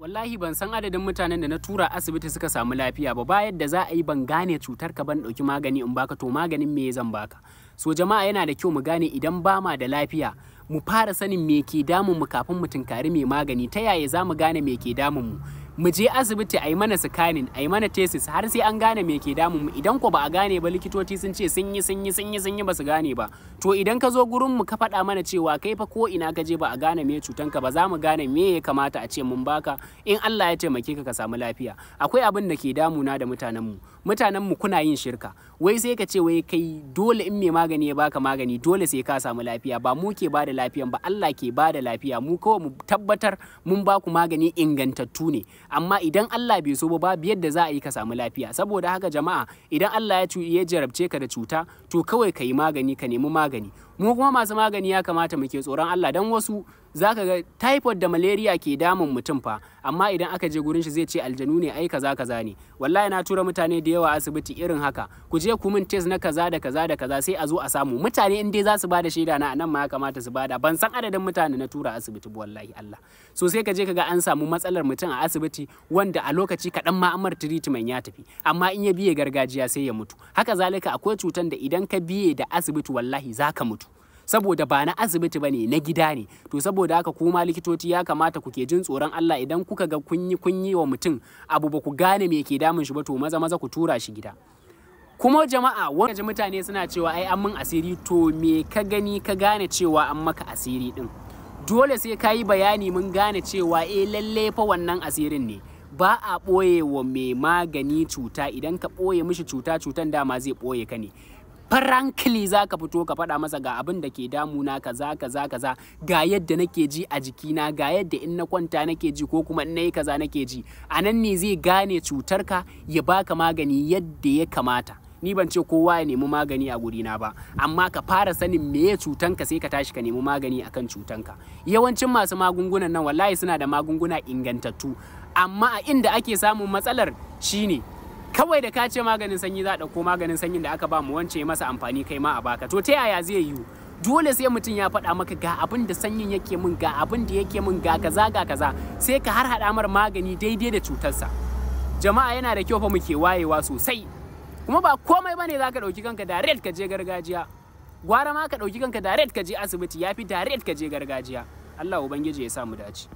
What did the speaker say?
wallahi ban san adadin mutanen da na tura asibiti suka samu lafiya ba bayan da za a yi ban gane cutar ka ban ɗauki magani in baka to maganin me zan baka so jama'a yana da kyau mu gane idan ba ma da lafiya mu fara sanin me ke damun mu kafin mu tunkari mai magani ta yaya za mu gane me ke damun mu mu je asibiti a yi mana scanning a yi mana tesis har sai an gane me ke damun mu idan ko ba a gane ba likitoci sun ce sun yi sun yi sun yi sun yi ba su gane ba to idan ka zo gurin mu ka faɗa mana cewa kai fa ko ina ka je ba a gane me cutan ka ba za mu gane me ya kamata a ce mun baka in Allah ya taimake ka ka samu lafiya akwai abin da ke damuna da mutanen mu mutanen mu kuna yin shirka wai sai ka ce wai kai dole in mai magani ya baka magani dole sai ka samu lafiya ba mu ke bada lafiyan ba Allah ke bada lafiya mu kawai mu tabbatar mun baku magani ingantattu ne amma idan Allah bai so ba babu yadda za a yi ka samu lafiya saboda haka jama'a idan Allah ya ya jarabce ka da cuta to kawai ka yi magani ka nemi magani mu kuma masu magani ya kamata muke tsoron Allah dan wasu zaka ga typhoid da malaria ke damun mutum fa amma idan aka je gurin shi zai ce aljanu ne ai kaza kaza ne wallahi na tura mutane da yawa asibiti irin haka ku je ku min test na kaza da kaza da kaza sai a zo a samu mutane in dai za su bada shaida na anan ma ya kamata su bada ban san adadin mutane na tura asibiti wallahi Allah so sai ka je ka ga an samu matsalar mutum a asibiti wanda a lokaci kaɗan ma amar treatment ya tafi amma in ya biye gargajiya sai ya mutu haka zalika akwai cutan da idan ka biye da asibiti wallahi zaka mutu saboda ba na asibiti ba ne na gida ne to saboda haka kuma likitoci ya kamata ku ke jin tsoron Allah idan kuka ga kunyi kunyi wa mutum abu ba ku gane me ke damun shi ba to maza maza ku tura shi gida kuma jama'a wani ji mutane suna cewa ai an mun asiri to me ka gani ka gane cewa an maka asiri din dole sai ka yi bayani mun gane cewa eh lalle fa wannan asirin ne ba a ɓoye wa mai magani cuta idan ka boye mishi cuta cutan dama zai ɓoye ka ne frankly za ka fito ka faɗa masa ga abin da ke damuna kaza kaza kaza ga yadda nake ji a jikina ga yadda in na kwanta nake ji ko kuma in nayi kaza nake ji a nan ne zai gane cutarka ya baka magani yadda ya kamata ni ban ce kowa ya nemi magani a gurina ba amma ka fara sanin meye cutanka sai ka tashi ka nemi magani akan cutanka yawancin masu magungunan nan wallahi suna da magunguna ingantattu amma a inda ake samun matsalar shine kawai da ka ce maganin sanyi za a ɗauko maganin sanyin da aka ba mu wance masa amfani kai ma a baka to ta yaya zai yiwu dole sai mutum ya faɗa maka ga abin da sanyin yake min ga abin da yake min ga kaza ga kaza sai ka har haɗa mar magani daidai da cutarsa jama'a yana da kyau fa muke wayewa sosai kuma ba komai bane za ka ɗauki kanka direct ka je gargajiya gwara ma ka ɗauki kanka direct ka je asibiti ya fi direct ka je gargajiya Allah Ubangiji ya sa mu dace